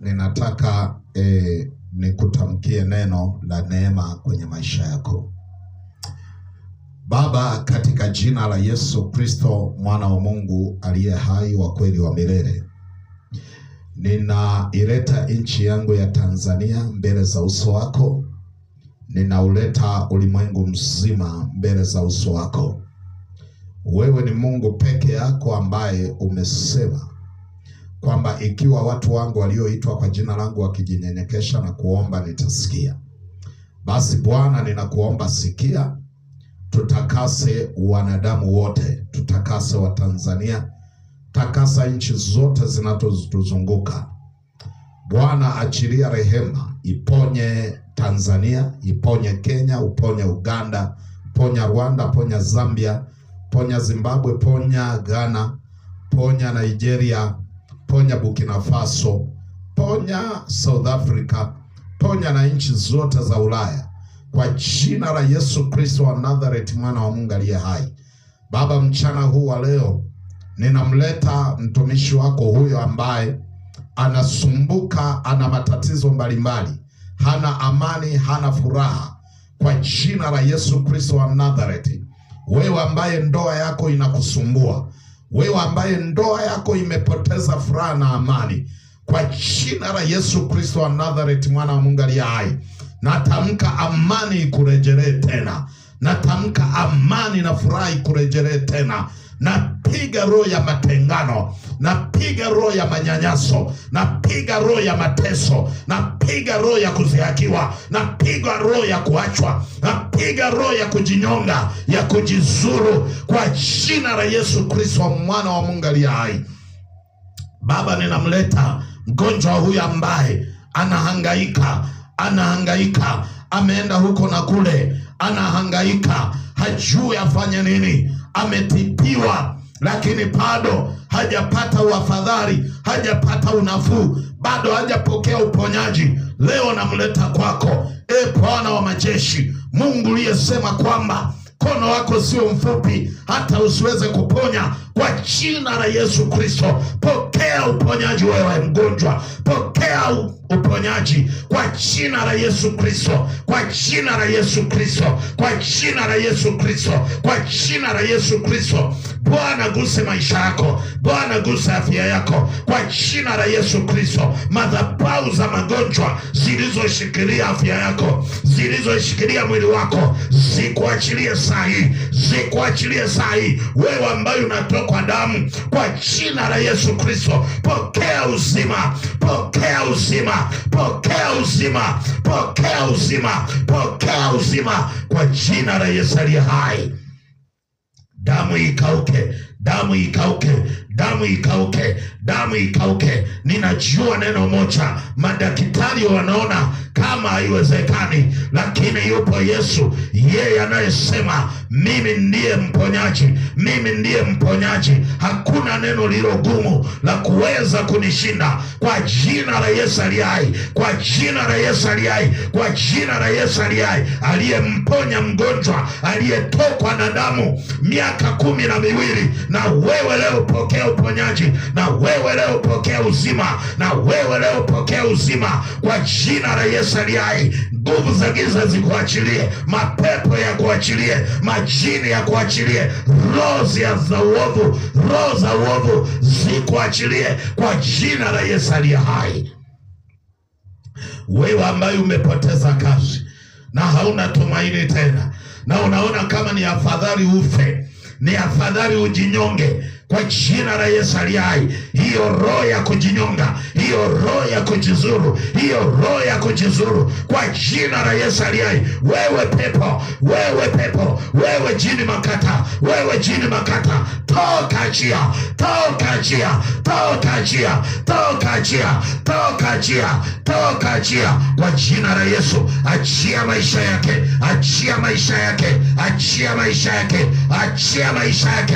ninataka eh, nikutamkie neno la neema kwenye maisha yako. Baba, katika jina la Yesu Kristo mwana wa Mungu aliye hai wa kweli wa milele, ninaileta nchi yangu ya Tanzania mbele za uso wako, ninauleta ulimwengu mzima mbele za uso wako. Wewe ni Mungu peke yako ambaye umesema kwamba ikiwa watu wangu walioitwa kwa jina langu wakijinyenyekesha na kuomba nitasikia. Basi Bwana, ninakuomba sikia, tutakase wanadamu wote, tutakase Watanzania, takasa nchi zote zinazotuzunguka Bwana, achilia rehema, iponye Tanzania, iponye Kenya, uponye Uganda, ponya Rwanda, ponya Zambia, ponya Zimbabwe, ponya Ghana, ponya Nigeria ponya Burkina Faso, ponya South Africa, ponya na nchi zote za Ulaya kwa jina la Yesu Kristo wa Nazareti, mwana wa Mungu aliye hai. Baba, mchana huu wa leo ninamleta mtumishi wako huyo ambaye anasumbuka, ana matatizo mbalimbali, hana amani, hana furaha, kwa jina la Yesu Kristo wa Nazareti. Wewe ambaye ndoa yako inakusumbua wewe ambaye ndoa yako imepoteza furaha na amani, kwa jina la Yesu Kristo wa Nazareti, mwana wa Mungu aliye hai, natamka amani ikurejelee tena, natamka amani na furaha ikurejelee tena na napiga roho ya matengano, napiga roho ya manyanyaso, napiga roho ya mateso, napiga roho ya kudhihakiwa, napiga roho ya kuachwa, napiga roho ya kujinyonga, ya kujizuru kwa jina la Yesu Kristo, mwana wa Mungu aliye hai. Baba, ninamleta mgonjwa huyu ambaye anahangaika, anahangaika, ameenda huko na kule, anahangaika, hajui afanye nini, ametipiwa lakini bado hajapata uafadhali, hajapata unafuu, bado hajapokea uponyaji. Leo namleta kwako, e Bwana wa majeshi, Mungu uliyesema kwamba mkono wako sio mfupi hata usiweze kuponya kwa jina la Yesu Kristo, pokea uponyaji wewe mgonjwa, pokea uponyaji kwa jina la Yesu Kristo, kwa jina la Yesu Kristo, kwa jina la Yesu Kristo, kwa jina la Yesu Kristo. Bwana guse maisha yako, Bwana guse afya yako kwa jina la Yesu Kristo. Madhabahu za magonjwa zilizoshikilia afya yako, zilizoshikilia mwili wako, zikuachilie saa hii, zikuachilie saa hii, wewe ambaye unatoka kwa damu, kwa jina la Yesu Kristo. Pokea uzima, pokea uzima, pokea uzima, pokea uzima, pokea uzima kwa jina la Yesu aliye hai. Damu ikauke, damu ikauke, damu ikauke, damu ikauke. Ninajua neno moja, madaktari wanaona kama haiwezekani, lakini yupo Yesu, yeye anayesema mimi ndiye mponyaji, mimi ndiye mponyaji. Hakuna neno lilo gumu la kuweza kunishinda. Kwa jina la Yesu aliye hai, kwa jina la Yesu aliye hai, kwa jina la Yesu aliye hai, aliyemponya mgonjwa aliyetokwa na damu miaka kumi na miwili, na wewe leo pokea pokea uponyaji, na wewe leo pokea uzima, na wewe leo pokea uzima kwa jina la Yesu aliye hai. Nguvu za giza zikuachilie, mapepo ya kuachilie, majini ya kuachilie, roho za uovu, roho za uovu zikuachilie kwa jina la Yesu aliye hai. Wewe ambaye umepoteza kazi na hauna tumaini tena, na unaona kama ni afadhali ufe, ni afadhali ujinyonge kwa jina la Yesu aliye hai. Hiyo roho ya kujinyonga, hiyo roho ya kujizuru, hiyo roho ya kujizuru kwa jina la Yesu aliye hai. Wewe pepo, wewe pepo, wewe jini makata, wewe jini makata, toka njia, toka njia, toka njia, toka njia, toka njia, toka njia kwa jina la Yesu. Achia maisha yake, achia maisha yake, achia maisha yake, achia maisha yake.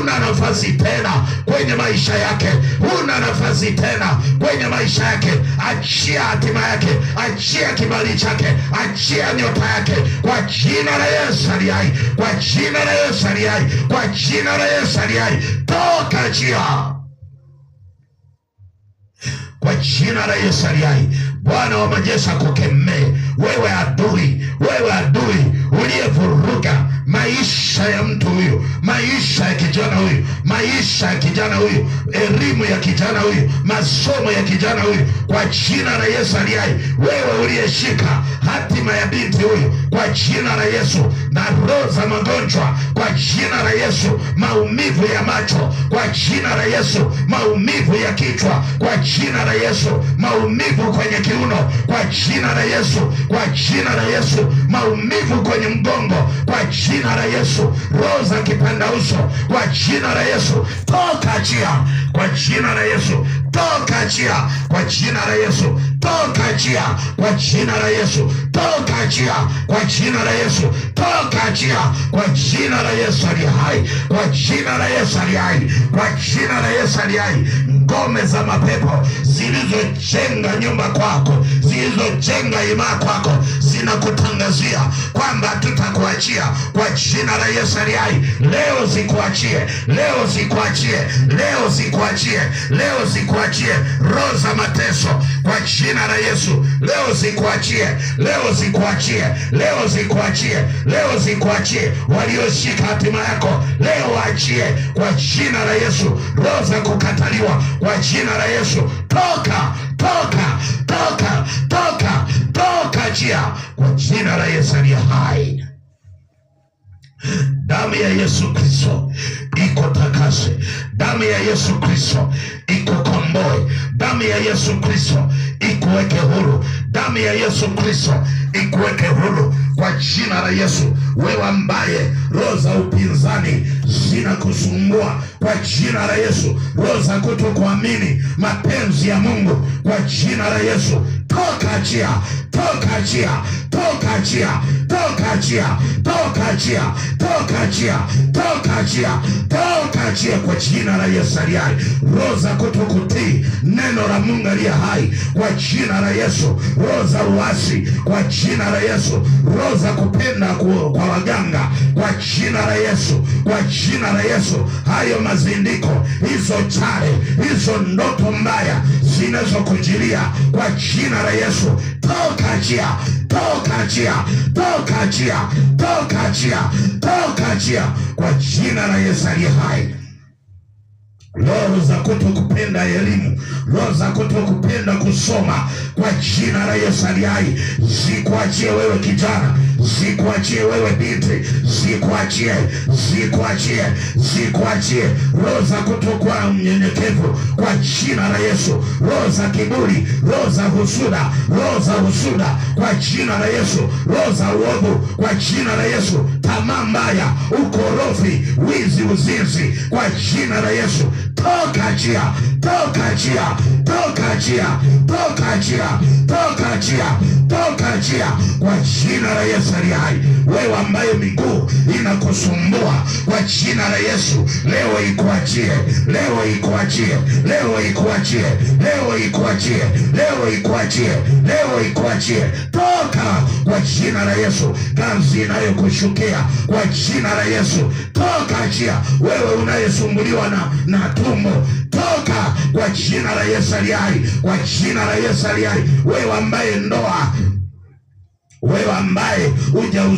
Una nafasi tena kwenye maisha yake, huna nafasi tena kwenye maisha yake. Achia hatima yake, achia kibali chake, achia nyota yake, kwa jina la Yesu aliye kwa jina la Yesu aliye kwa jina la Yesu aliye toka njia kwa jina la Yesu aliye Bwana wa majeshi akukemee wewe adui, wewe adui uliyevuruga maisha ya mtu huyu, maisha ya kijana huyu, maisha ya kijana huyu, elimu ya kijana huyu, masomo ya kijana huyu, kwa jina la Yesu aliye Wewe uliyeshika hatima ya binti huyu, kwa jina la Yesu, na roho za magonjwa, kwa jina la Yesu, maumivu ya macho, kwa jina la Yesu, maumivu ya kichwa, kwa jina la Yesu, maumivu kwenye kiuno, kwa jina la Yesu, kwa jina la Yesu, maumivu kwenye mgongo, kwa jina jina la Yesu, roho za uso kwa jina la Yesu, toka njia kwa jina la Yesu, toka njia kwa jina la Yesu, toka njia kwa jina la Yesu, toka njia kwa jina la Yesu, toka njia kwa jina la Yesu ali hai, kwa jina la Yesu ali hai, kwa jina la Yesu ali hai. Ngome za mapepo zilizojenga nyumba kwako, zilizojenga imani kwako, zinakutangazia kwamba tutakuachia kwa jina la Yesu ali hai. Leo zikuachie, leo zikuachie, leo zikuachie zikuachie leo, zikuachie roho za mateso kwa jina la Yesu. Leo zikuachie, leo zikuachie, leo zikuachie, leo zikuachie. Walioshika hatima yako leo waachie kwa jina la Yesu. Roho za kukataliwa kwa jina la Yesu, toka, toka, toka, toka, toka, njia kwa jina la Yesu aliye hai. Damu ya Yesu Kristo ikutakase, damu ya Yesu Kristo komboe, damu ya Yesu Kristo ikuweke huru, damu ya Yesu Kristo ikuweke huru kwa jina la Yesu. Wewe ambaye roho za upinzani zinakusumbua, kwa jina la Yesu, roho za kutokuamini mapenzi ya Mungu, kwa jina la Yesu, toka, achia toka njia, toka njia, toka njia, toka njia, toka njia, toka njia, toka njia kwa jina la Yesu aliye hai. Roho za kutokutii neno la Mungu aliye hai kwa jina la Yesu. Roho za uasi kwa jina la Yesu. Roho za kupenda kwa waganga kwa jina la Yesu, kwa jina la Yesu. Hayo mazindiko, hizo chale, hizo ndoto mbaya zinazokujilia kwa jina la Yesu, toka toka njia, toka njia, toka njia, toka njia, toka njia, kwa jina la Yesu aliye hai roho za kupenda elimu, roho za kupenda kusoma, kwa jina la Yesu aliai, zikuachie wewe kijana, zikuachie wewe binti, zikuachie, zikuachie, zikuachie roho za kutokuwa mnyenyekevu, kwa jina la Yesu, roho za kiburi, roho za husuda, roho za husuda, kwa jina la Yesu, roho za uovu, kwa jina la Yesu, tamaa mbaya, ukorofi, wizi, uzinzi, kwa jina la Yesu toka njia, toka njia, toka njia, toka njia, toka njia, toka njia kwa jina la Yesu aliye hai. Wewe ambaye miguu inakusumbua, kwa jina la Yesu leo ikuachie, leo ikuachie, leo ikuachie, leo ikuachie, leo ikuachie, leo ikuachie, toka kwa jina la Yesu. Kazi inayokushukia kwa jina la Yesu, toka njia. Wewe unayesumbuliwa na na mfumo, toka kwa jina la Yesu aliye hai, kwa jina la Yesu aliye hai, wewe ambaye ndoa wewe ambaye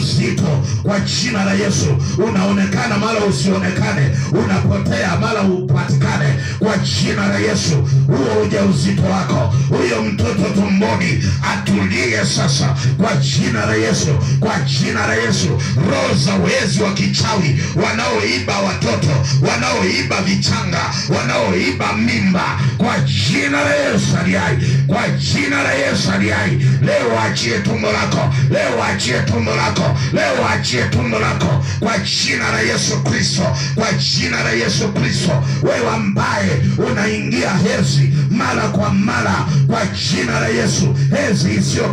uzito kwa jina la Yesu unaonekana mara usionekane, unapotea mara upatikane kwa jina la Yesu. Huo uzito wako, huyo mtoto tumboni atulie sasa kwa jina la Yesu, kwa jina la Yesu. Roho za wezi wa kichawi wanaoiba watoto, wanaoiba vichanga, wanaoiba mimba kwa jina la Yesu aliai, kwa jina la Yesu aliai. Leo achie tumbo lako, leo achie tumbo lako, leo achie tumbo lako kwa jina la Yesu Kristo, kwa jina la Yesu Kristo. Wewe ambaye unaingia hezi mara kwa mara, kwa jina la Yesu, hezi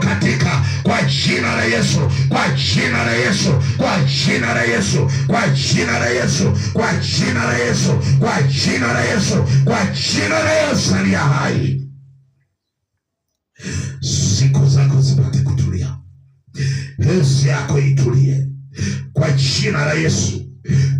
katika, kwa jina la Yesu, kwa jina la Yesu, kwa jina la Yesu, kwa jina la Yesu, kwa jina la Yesu, kwa jina la Yesu, kwa jina la Yesu aliye hai, siku zako zipate kutulia, nafsi yako itulie kwa jina la Yesu,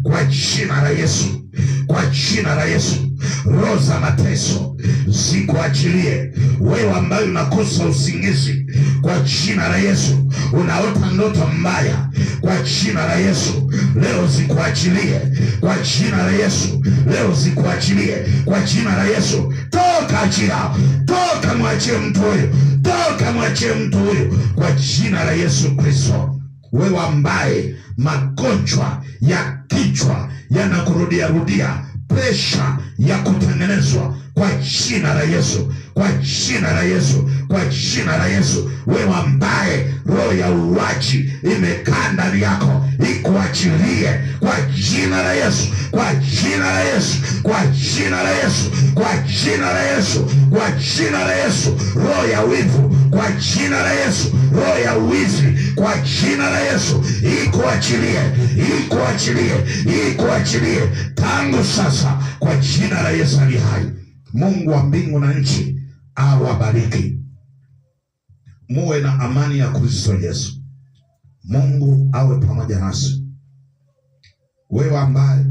kwa jina la Yesu, kwa jina la Yesu roho za mateso zikuachilie wewe, ambaye unakosa usingizi, kwa jina la Yesu. Unaota ndoto mbaya, kwa jina la Yesu leo zikuachilie, kwa jina la Yesu leo zikuachilie, kwa jina la Yesu. Toka ajira, toka, mwachie mtu huyu, toka, mwachie mtu huyu, kwa jina la Yesu Kristo. Wewe ambaye magonjwa ya kichwa yanakurudia rudia presha ya kutengenezwa kwa jina la Yesu, kwa jina la Yesu, kwa jina la Yesu. Wewe ambaye roho ya uwaji imekaa ndani yako, ikuachilie kwa jina la Yesu, kwa jina la Yesu, kwa jina la Yesu, kwa jina la Yesu, kwa jina la Yesu, roho ya wivu kwa jina la Yesu. Roho ya uwizi kwa jina la Yesu ikuachilie, ikuachilie, ikuachilie tangu sasa kwa jina la Yesu ali hai. Mungu wa mbingu na nchi awabariki, muwe na amani ya Kristo Yesu. Mungu awe pamoja nasi. Wewe ambaye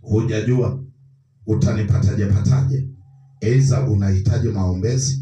hujajua utanipataje pataje, eza unahitaji maombezi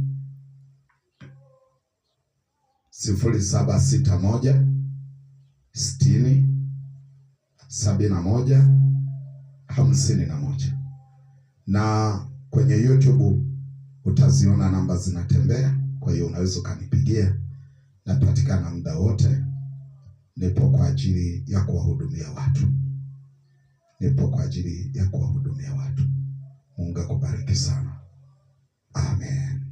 sifuri saba sita moja sitini sabini na moja hamsini na moja na kwenye YouTube utaziona namba zinatembea, kwa hiyo unaweza ukanipigia. Napatikana muda wote, nipo kwa ajili ya kuwahudumia watu, nipo kwa ajili ya kuwahudumia watu. Mungu akubariki sana, amen.